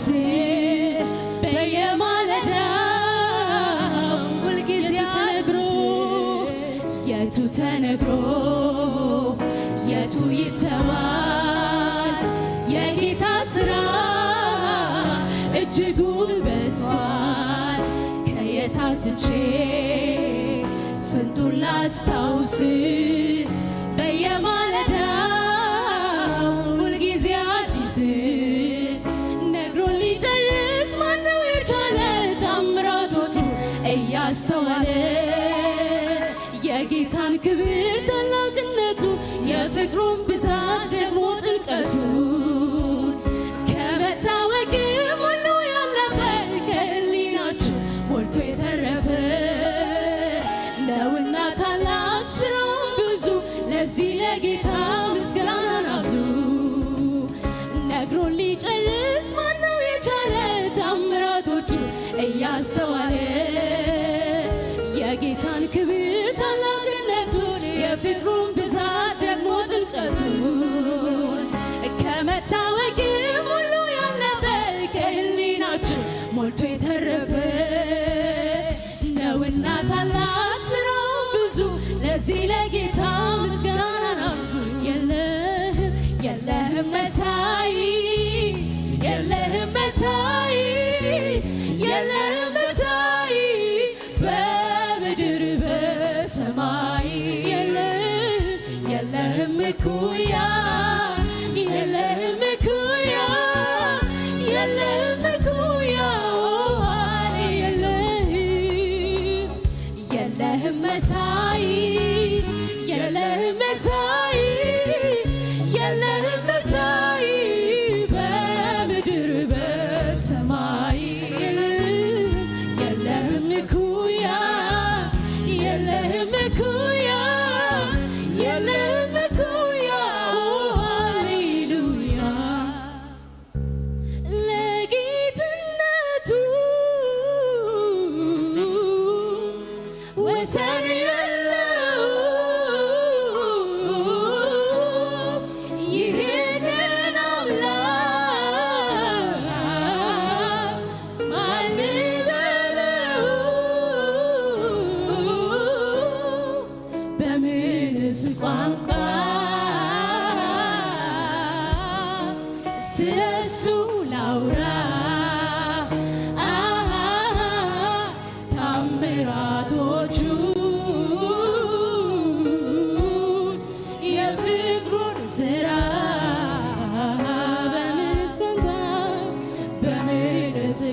Sim. እያስተዋለ የጌታን ክብር ታላቅነቱ የፍቅሩን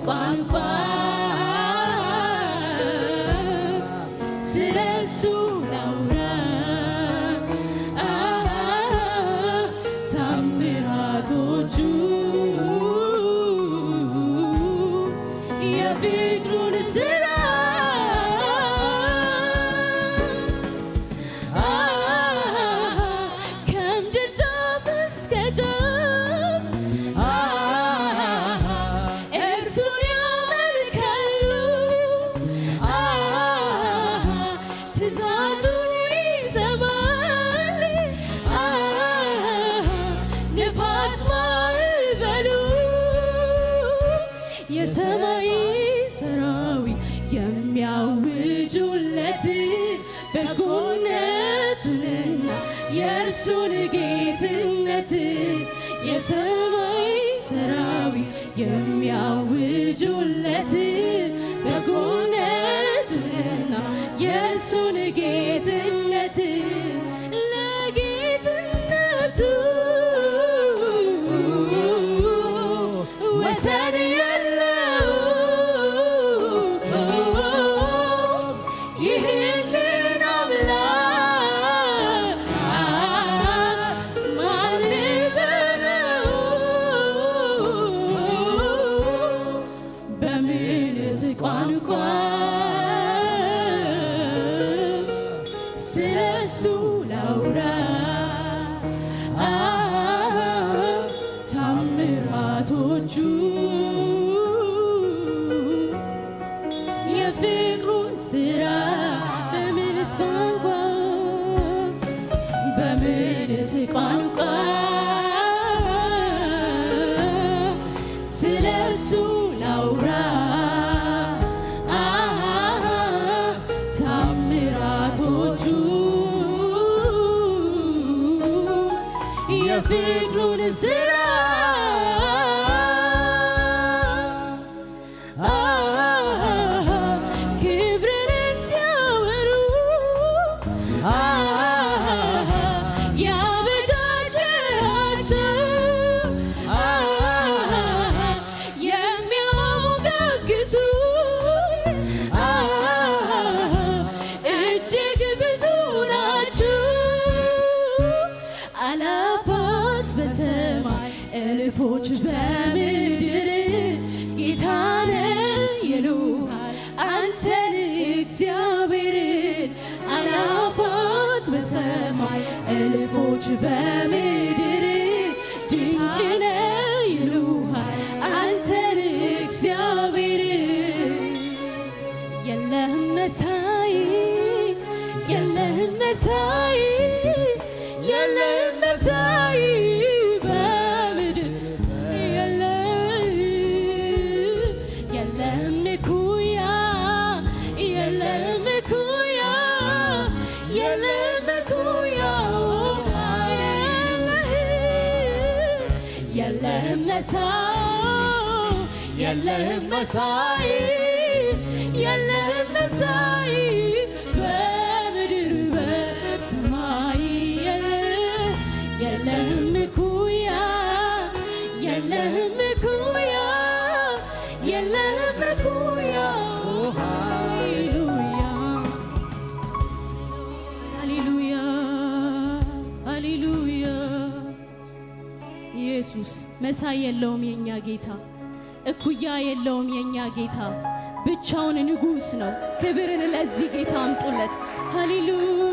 关怀。soon again. veículo será. መሳይ የለም መሳይ በምድር የለም የለም ንኩያ የለም ንኩያ የለም ንኩያ የለም መሳይ የለም መሳይ የለውም የኛ ጌታ፣ እኩያ የለውም የኛ ጌታ፣ ብቻውን ንጉሥ ነው። ክብርን ለዚህ ጌታ አምጡለት። ሃሌሉያ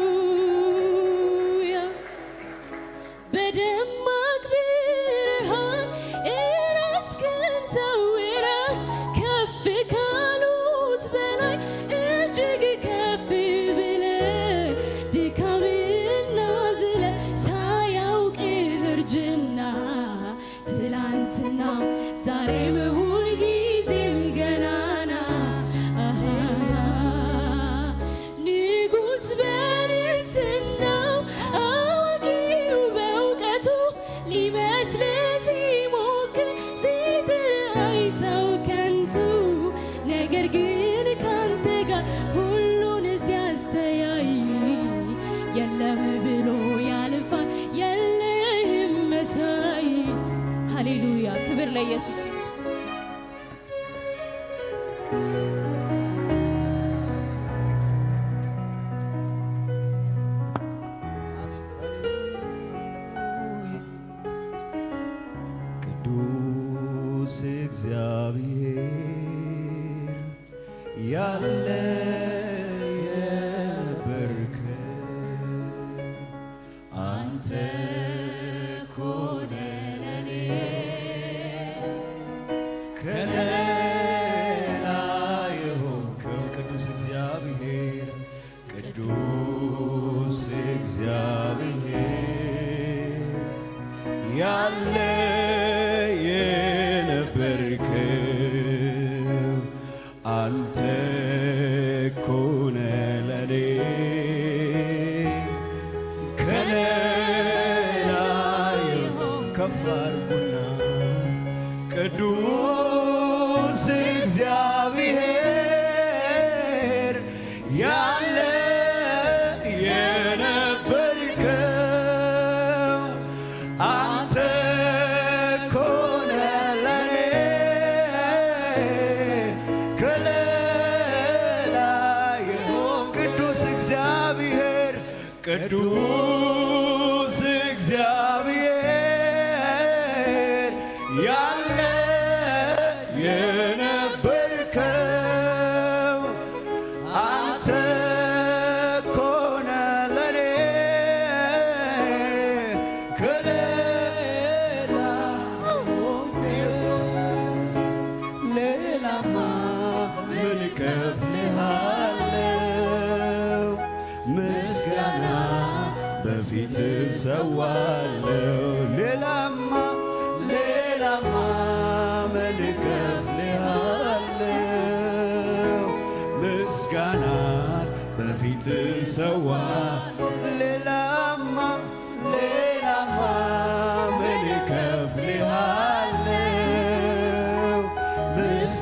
Could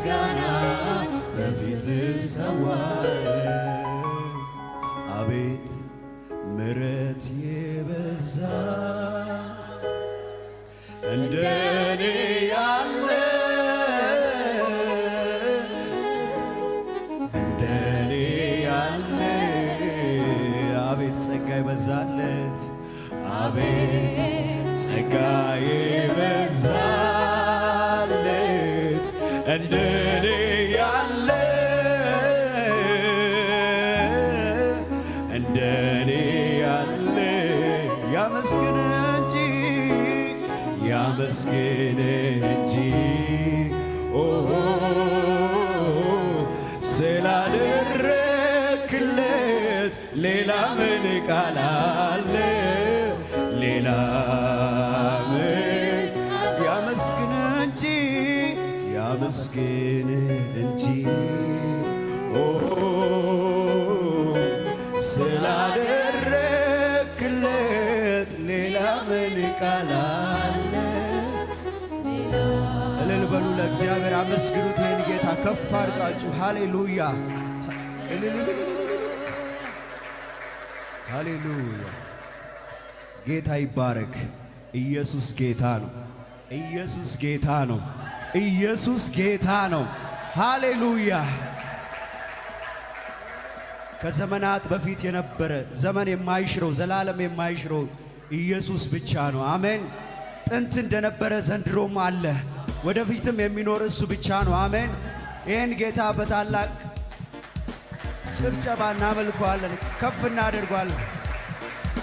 ምስጋና በፊት አቤት ምሕረት የበዛ እንደኔ በእኔ ያለ ያመስግን እንጂ ያመስግን እንጂ ስላደረክለት ሌላ ምን ቃል አለ ሌላ እግዚአብሔር አመስግኑት። ይህን ጌታ ከፍ አድርጋችሁ ሃሌሉያ፣ ሃሌሉያ። ጌታ ይባረክ። ኢየሱስ ጌታ ነው። ኢየሱስ ጌታ ነው። ኢየሱስ ጌታ ነው። ሃሌሉያ። ከዘመናት በፊት የነበረ ዘመን የማይሽረው ዘላለም የማይሽረው ኢየሱስ ብቻ ነው። አሜን። ጥንት እንደነበረ ዘንድሮም አለ። ወደፊትም የሚኖር እሱ ብቻ ነው። አሜን። ይህን ጌታ በታላቅ ጭብጨባ እናመልከዋለን፣ ከፍ እናደርጓለን።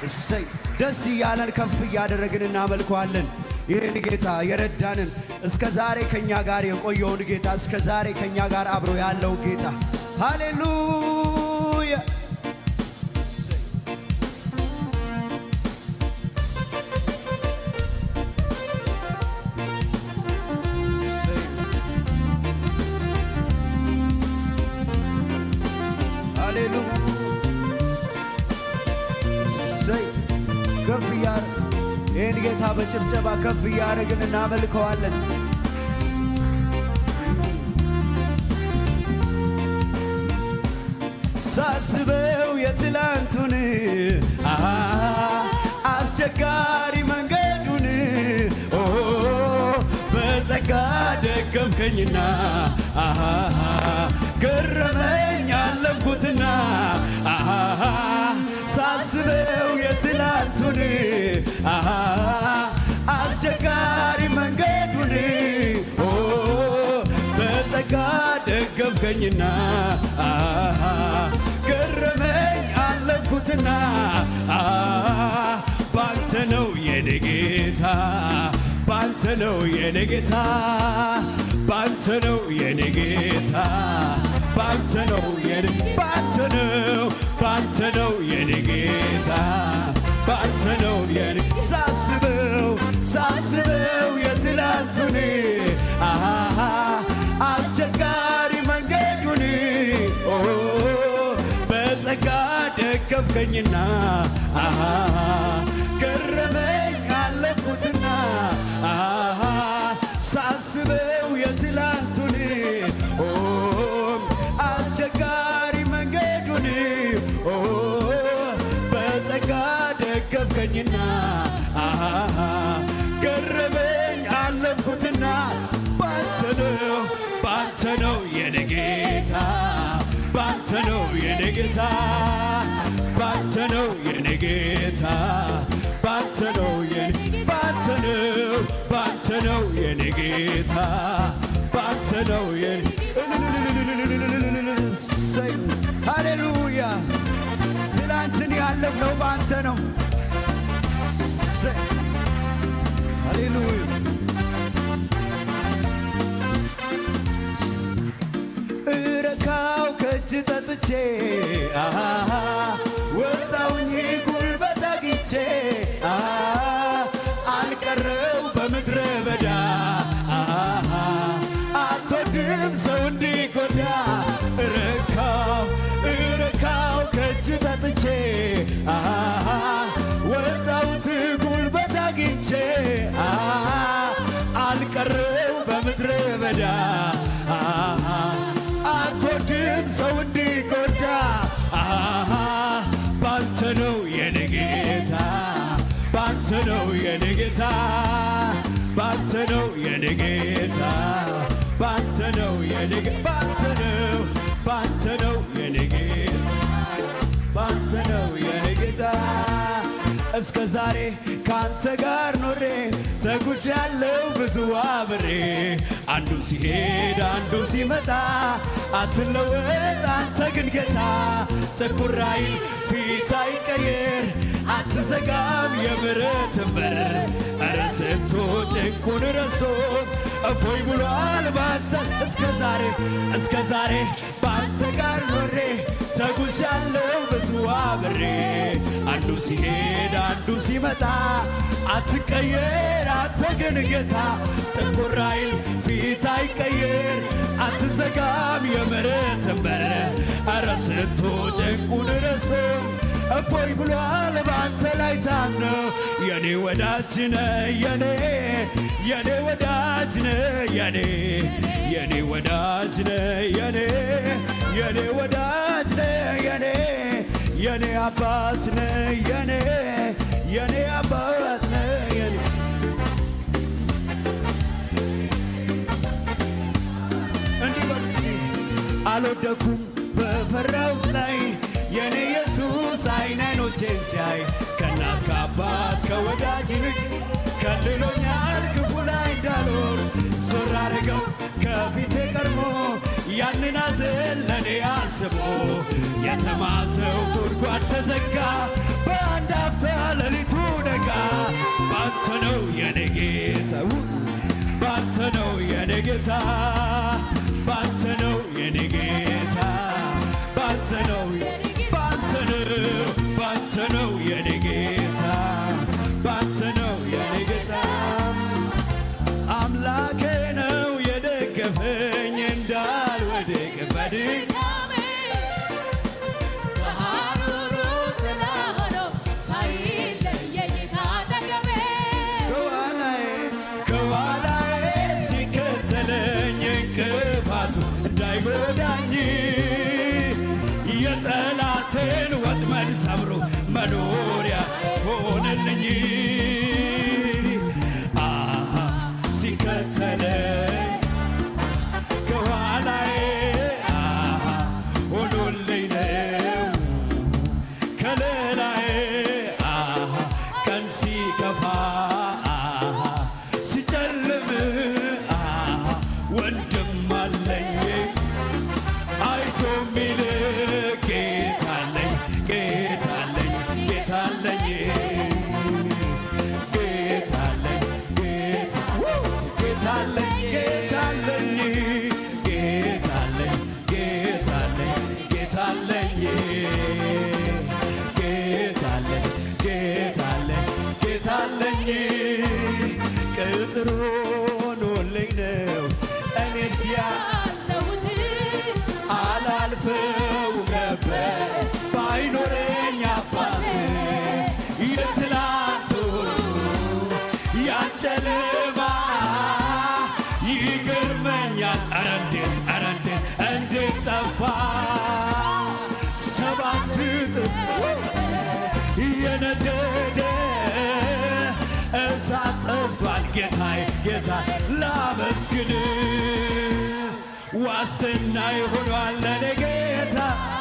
እሰይ ደስ እያለን ከፍ እያደረግን እናመልከዋለን። ይህን ጌታ የረዳንን እስከ ዛሬ ከእኛ ጋር የቆየውን ጌታ እስከ ዛሬ ከእኛ ጋር አብሮ ያለው ጌታ ሃሌሉ በጭብጨባ ከፍ እያደረግን እናመልከዋለን። ሳስበው የትላንቱን አስቸጋሪ መንገዱን በጸጋ ደገምከኝና ገረመኝ አለምኩትና ሳስበው የትላንቱን ገረመኝና ገረመኝ አለፍኩትና ባንተ ነው የኔ ጌታ ባንተ ነው የኔ ጌታ ባንተ ነው የኔ ጌታ ባንተ ነው የኔ ባንተ ነው ባንተ ነው የኔ ጌታ ባንተ ነው የኔ ሳስበው ሳስበው የትላንቱን አስረከብከኝና ነው የኔ ሃሌሉያ። ትላንትን ያለፍነው በአንተ ነው። ሃሌሉያ እረካው ከእጅ ጠጥቼ ዛሬ ካንተ ጋር ኖሬ ተጉዣ ያለው ብዙ አብሬ አንዱም ሲሄድ አንዱም ሲመጣ አትለወጥ አንተ ግን ጌታ ጥቁራይ ፊት አይቀየር አትዘጋም የምረት በር እረ ሰጥቶ ጭንቁን ረስቶ እፎይ ብሏል ባንተ እስከ ዛሬ እስከ ዛሬ ባንተ ጋር ኖሬ ያለው ብዙ አብሬ አንዱ ሲሄድ አንዱ ሲመጣ አትቀየር አንተገን ጌታ ጥቁር አይል ፊት አይቀየር አትዘጋም የመረት በር አረ ስንቱ ጭንቁን እፎይ ብሏል በአንተ ላይ ታምነው የኔ ወዳጅ ነህ የኔ የኔ ወዳጅ የኔ የኔ ወዳጅ የኔ የኔ ወዳጅ የኔ የኔ አባት ነ የኔ የኔ አባት ነ አልወደኩም በፈራሁት ላይ የኔ ኢየሱስ አይን አይኖቼን ሲያይ ከእናት ከአባት ከወዳጅ ይልቅ ከልሎኛል ክፉ ላይ እንዳልሆን ስር አድርገው ከፊቴ ቀድሞ ያንን አዘን ለእኔ አስቦ የከተማ ሰው ጉድጓድ ተዘጋ። በአንድ አፍታ ሌሊቱ ነጋ። ባንተ ነው የኔ ጌታ፣ ባንተ ነው የኔ ጌታ፣ ባንተ ነው የኔ ጌታ፣ ባንተ ነው ባንተ ነው ባንተ ነው የኔ ጌታ፣ ባንተ ነው የኔ ጌታ። አምላኬ ነው የደገፈኝ እንዳልወድቅ በድን ያለሁት አላልፈው ነበር ባይኖረኝ አባት የትላንቱ ያንተ ይገርመኛል። ኧረ እንዴት ኧረ እንዴት እንዴት ጠፋ ሰባት እጥፍ የነደደ እሳት ጠፍቷል ጌታዬ ጌታ ላመስግን ዋስትና ይሆኗል ለኔ ጌታ